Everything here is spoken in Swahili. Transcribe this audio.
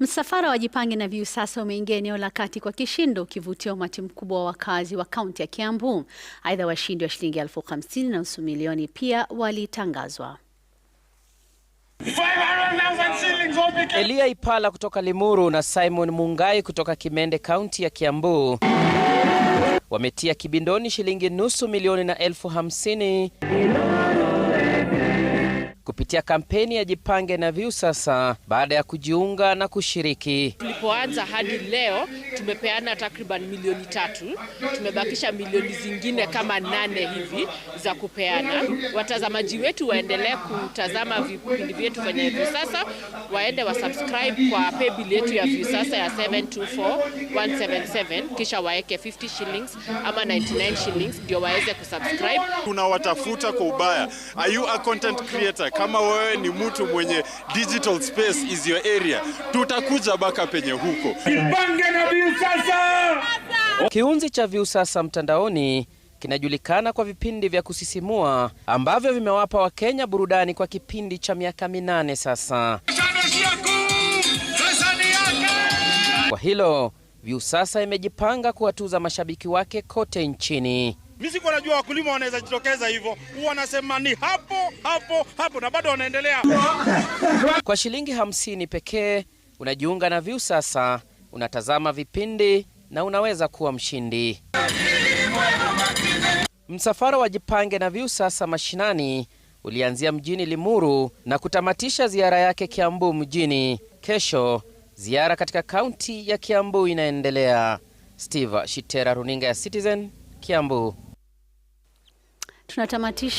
Msafara wa Jipange na Viu sasa umeingia eneo la kati kwa kishindo ukivutia umati mkubwa wa wakazi wa kaunti ya Kiambu. Aidha, washindi wa shilingi elfu hamsini na nusu milioni pia walitangazwa. Elia Ipala kutoka Limuru na Simon Mungai kutoka Kimende, kaunti ya Kiambu wametia kibindoni shilingi nusu milioni na elfu hamsini kupitia kampeni ya Jipange na Vyu Sasa baada ya kujiunga na kushiriki. Tulipoanza hadi leo tumepeana takriban milioni tatu, tumebakisha milioni zingine kama nane hivi za kupeana. Watazamaji wetu waendelee kutazama vipindi vyetu kwenye Vyu Sasa, waende wasubscribe kwa paybill yetu ya Vyu Sasa ya 724177 kisha waeke 50 shillings ama 99 shillings ndio waweze kusubscribe. Tunawatafuta kwa ubaya. Are you a content creator? Kama kama wewe ni mtu mwenye digital space is your area, tutakuja baka penye huko. Jipange na Viusasa. Kiunzi cha Viusasa mtandaoni kinajulikana kwa vipindi vya kusisimua ambavyo vimewapa Wakenya burudani kwa kipindi cha miaka minane sasa. Kwa hilo Viusasa imejipanga kuwatuza mashabiki wake kote nchini mi sikuwa najua wakulima wanaweza jitokeza hivyo, anasema ni hapo hapo hapo, na bado wanaendelea. Kwa shilingi hamsini pekee unajiunga na sasa unatazama vipindi na unaweza kuwa mshindi. Msafara wa Jipange na sasa mashinani ulianzia mjini Limuru na kutamatisha ziara yake Kiambu mjini. Kesho ziara katika kaunti ya Kiambu inaendelea. Steve Shitera, runinga ya Citizen, Kiambu tunatamatisha